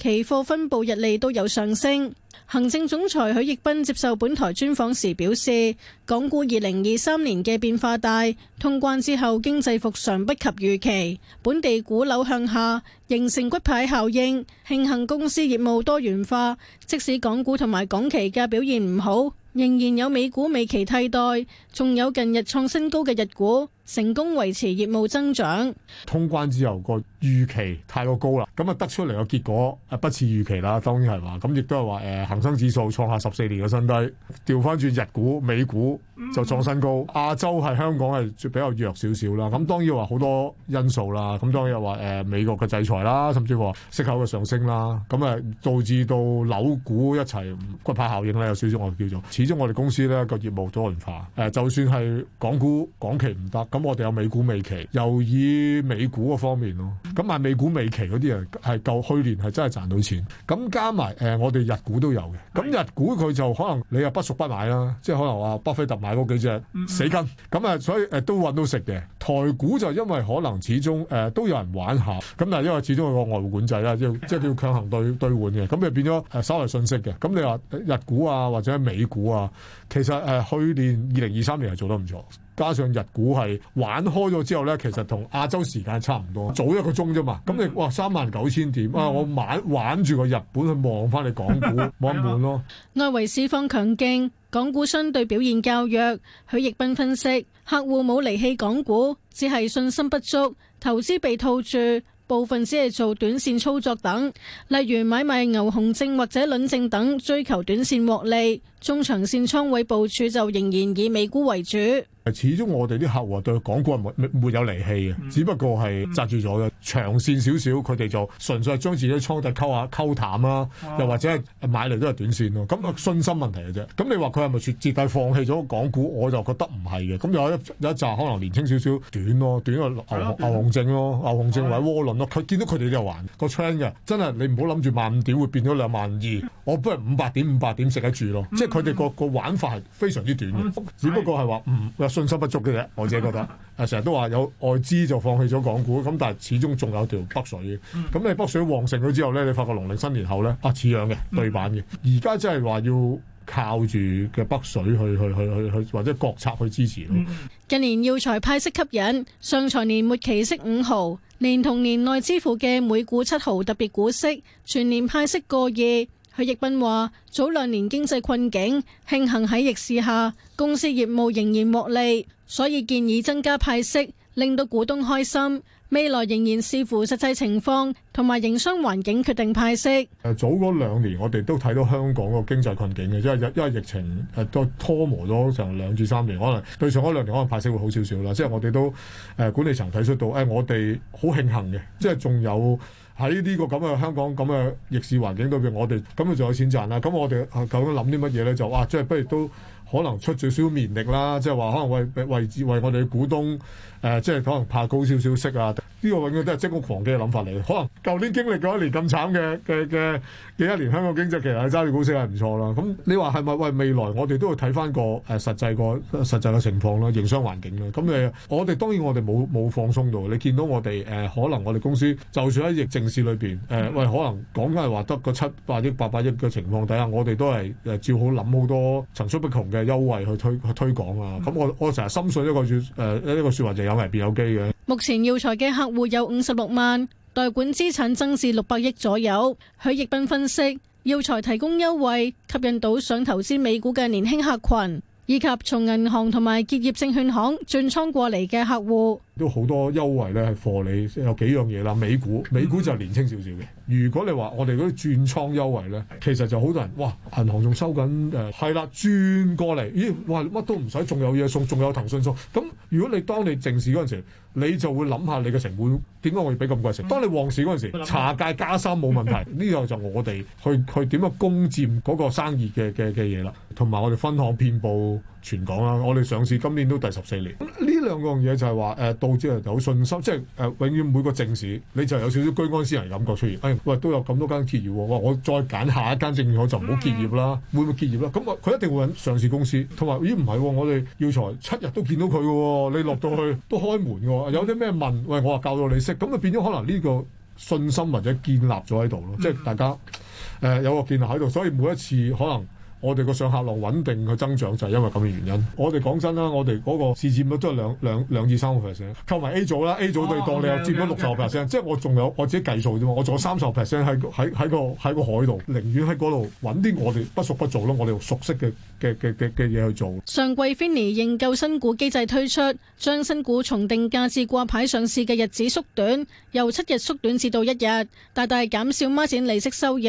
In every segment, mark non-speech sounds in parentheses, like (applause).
期貨分佈日利都有上升。行政總裁許繹彬接受本台專訪時表示，港股二零二三年嘅變化大，通關之後經濟復常不及預期，本地股樓向下形成骨牌效應。慶幸公司業務多元化，即使港股同埋港期嘅表現唔好，仍然有美股美期替代，仲有近日創新高嘅日股成功維持業務增長。通關之後個預期太過高啦，咁啊得出嚟個結果啊不似預期啦，當然係話，咁亦都係話誒恒生指數創下十四年嘅新低，調翻轉日股美股就創新高。亞洲係香港係比較弱少少啦，咁當然話好多因素啦，咁當然又話誒美國嘅制裁啦，甚至乎話息口嘅上升啦，咁啊導致到樓股一齊骨牌效應咧，有少少我哋叫做。即係我哋公司呢個業務多元化，誒，就算係港股港期唔得，咁我哋有美股美期，又以美股個方面咯，咁買美股美期嗰啲人係夠去年係真係賺到錢，咁加埋誒我哋日股都有嘅，咁日股佢就可能你又不熟不買啦，即係可能話巴菲特買嗰幾隻死根，咁啊所以誒都搵到食嘅。台股就因為可能始終誒、呃、都有人玩下，咁但係因為始終有個外匯管制啦，即係即係叫強行兌兌換嘅，咁就變咗誒、呃、稍為信息嘅。咁你話日股啊或者美股啊，其實誒、呃、去年二零二三年係做得唔錯，加上日股係玩開咗之後咧，其實同亞洲時間差唔多，早一個鐘啫嘛。咁你哇三萬九千點、嗯、啊，我玩玩住個日本去望翻你港股，玩滿 (laughs) 咯。外圍市況強勁。港股相對表現較弱，許繹彬分析，客戶冇離棄港股，只係信心不足，投資被套住，部分只係做短線操作等，例如買賣牛熊證或者輪證等，追求短線獲利，中長線倉位部署就仍然以美股為主。始終我哋啲客戶對港股冇冇有離棄嘅，只不過係紮住咗嘅長線少少，佢哋就純粹係將自己嘅倉底溝下溝淡啦，又或者買嚟都係短線咯。咁信心問題嘅啫。咁你話佢係咪絕徹底放棄咗港股？我就覺得唔係嘅。咁有有一紮可能年輕少少短咯，短個牛牛熊證咯，牛熊證或者窩輪咯。佢見到佢哋就還個 trend 嘅，真係你唔好諗住萬五點會變咗兩萬二，我不如五百點五百點食得住咯。即係佢哋個個玩法係非常之短嘅，只不過係話唔。信心不足嘅啫，我自己覺得，啊成日都話有外資就放棄咗港股，咁但係始終仲有條北水，咁你北水旺盛咗之後咧，你發覺農曆新年後咧，啊似樣嘅對版嘅，而家真係話要靠住嘅北水去去去去去或者國策去支持。近年耀才派息吸引，上財年末期息五毫，連同年內支付嘅每股七毫特別股息，全年派息過二。許繹彬話：早兩年經濟困境，慶幸喺逆市下，公司業務仍然獲利，所以建議增加派息，令到股東開心。未來仍然視乎實際情況同埋營商環境決定派息。誒，早嗰兩年我哋都睇到香港個經濟困境嘅，因因為疫情誒都拖磨咗成兩至三年，可能對上嗰兩年可能派息會好少少啦。即係我哋都誒管理層睇出到，誒、哎、我哋好慶幸嘅，即係仲有喺呢個咁嘅香港咁嘅逆市環境裏邊，我哋咁啊仲有錢賺啦。咁我哋究竟諗啲乜嘢咧？就哇，即、就、係、是、不如都。可能出最少麵力啦，即係話可能為為為我哋嘅股東誒，即、呃、係、就是、可能派高少少息啊！呢、這個永遠都係積穀防饑嘅諗法嚟。可能舊年經歷過一年咁慘嘅嘅嘅幾一年，香港經濟其實實揸住股市係唔錯啦。咁你話係咪？喂，未來我哋都會睇翻個誒、呃、實際個實際嘅情況啦，營商環境啦。咁誒我哋當然我哋冇冇放鬆到。你見到我哋誒、呃、可能我哋公司就算喺疫症市裏邊誒、呃、喂可能講緊係話得個七百億八百億嘅情況底下，我哋都係誒照好諗好多層出不窮嘅。嘅優惠去推去推廣啊！咁我我成日深信一個說誒，一個說話，就有危必有機嘅。目前耀才嘅客戶有五十六萬，代管資產增至六百億左右。許繹彬分析，耀才提供優惠，吸引到想投資美股嘅年輕客群，以及從銀行同埋結業證券行進倉過嚟嘅客戶。都好多優惠咧，係貨你有幾樣嘢啦。美股美股就年青少少嘅。如果你話我哋嗰啲轉倉優惠咧，其實就好多人哇！銀行仲收緊誒，係、呃、啦，轉過嚟，咦？哇！乜都唔使，仲有嘢送，仲有騰訊送。咁如果你當你靜市嗰陣時，你就會諗下你嘅成本，點解我要俾咁貴成？當你旺市嗰陣時，茶界加三冇問題。呢個 (laughs) 就我哋去去點樣攻佔嗰個生意嘅嘅嘅嘢啦。同埋我哋分行遍佈全港啊！我哋上市今年都第十四年。兩樣嘢就係話誒，導致人有信心，即係誒、呃，永遠每個證事你就有少少居安思危感覺出現。哎，喂，都有咁多間結業喎，我，我再揀下一間證所就唔好結業啦，會唔會結業啦？咁、嗯、啊，佢一定會揾上市公司。同埋咦，唔係喎，我哋耀才七日都見到佢嘅喎，你落到去都開門嘅喎，有啲咩問？喂，我話教到你識，咁啊變咗可能呢個信心或者建立咗喺度咯，即係大家誒、呃、有個建立喺度，所以每一次可能。我哋個上客量穩定嘅增長就係因為咁嘅原因。我哋講真啦，我哋嗰個市佔率都係兩兩兩至三個 percent。購埋 A 組啦，A 組對當你有佔咗六十 percent，即係我仲有我自己計數啫嘛。我仲有三十 percent 喺喺喺個喺個海度，寧願喺嗰度揾啲我哋不熟不做咯，我哋熟悉嘅嘅嘅嘅嘅嘢去做。上季 Finny 認購新股機制推出，將新股從定價至掛牌上市嘅日子縮短，由七日縮短至到一日，大大減少孖展利息收入。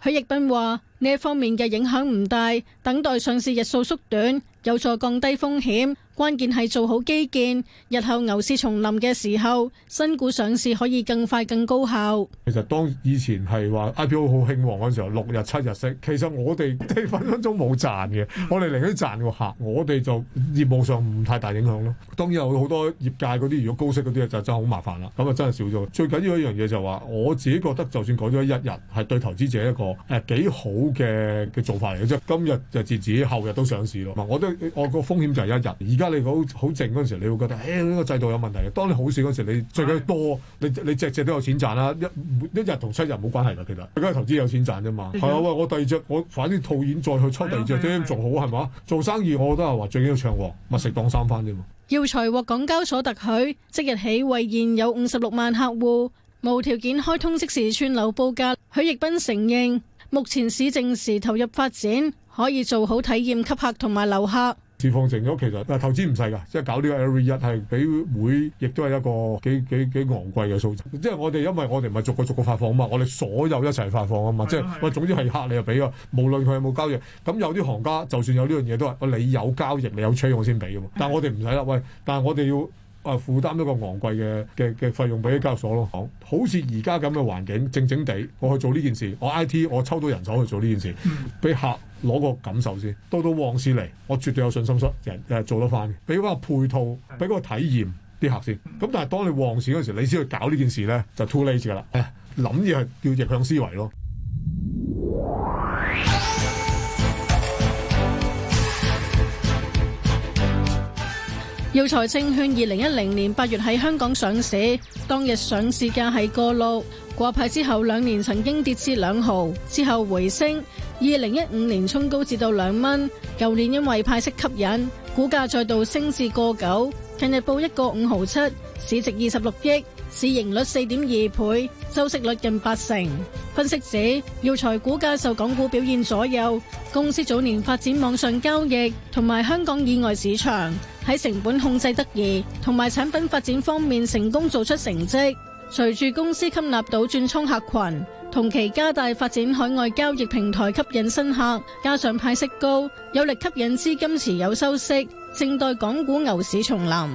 許繹彬話。呢一方面嘅影響唔大，等待上市日數縮短，有助降低風險。關鍵係做好基建，日後牛市重臨嘅時候，新股上市可以更快更高效。其實當以前係話 IPO 好興旺嘅時候，六日七日息，其實我哋、即係、分分鐘冇賺嘅，我哋寧願賺個客，我哋就業務上唔太大影響咯。當然有好多業界嗰啲，如果高息嗰啲就真係好麻煩啦。咁啊真係少咗。最緊要一樣嘢就話、係，我自己覺得就算改咗一日，係對投資者一個誒幾、呃、好嘅嘅做法嚟嘅啫。今日就截止，後日都上市咯。我都我個風險就係一日，而家。你好好靜嗰陣時，你會覺得誒呢、哎呢個制度有問題。當你好市嗰陣時，你最緊要多，你你隻隻都，都有錢賺啦。一一日同七日冇關係啦，其實而家投資有錢賺啫嘛。係啊，喂，我第二隻，我反正套現再去抽第二隻，點做好係嘛？做生意我都係話最緊要唱喎，物食當三番啫。耀才獲港交所特許，即日起為現有五十六萬客戶無條件開通即時串流報價。許繹彬承認，目前市正時投入發展，可以做好體驗吸客同埋留客。釋放成咗，其實投資唔細㗎，即係搞呢個 every 一係俾會，亦都係一個幾幾幾昂貴嘅數字。即係我哋因為我哋唔係逐個逐個發放啊嘛，我哋所有一齊發放啊嘛，的即係喂的總之係客你又俾㗎，無論佢有冇交易。咁有啲行家就算有呢樣嘢都係，我你有交易你有 charge 我先俾嘛。的」但係我哋唔使啦，喂，但係我哋要。啊！負擔一個昂貴嘅嘅嘅費用俾啲交易所咯，好似而家咁嘅環境，靜靜地我去做呢件事，我 I T 我抽到人手去做呢件事，俾客攞個感受先。到到旺市嚟，我絕對有信心，人誒做得翻嘅。俾個配套，俾個體驗啲客先。咁但係當你旺市嗰時候，你先去搞呢件事咧，就 too late 㗎啦。諗嘢係叫逆向思維咯。耀才證券二零一零年八月喺香港上市，當日上市價係過六，掛牌之後兩年曾經跌至兩毫，之後回升，二零一五年衝高至到兩蚊，舊年因為派息吸引，股價再度升至過九，近日報一個五毫七，市值二十六億。市盈率四點二倍，收息率近八成。分析指，耀才股價受港股表現左右。公司早年發展網上交易同埋香港以外市場，喺成本控制得宜同埋產品發展方面成功做出成績。隨住公司吸納到轉倉客群，同期加大發展海外交易平台吸引新客，加上派息高，有力吸引資金持有收息，正待港股牛市重臨。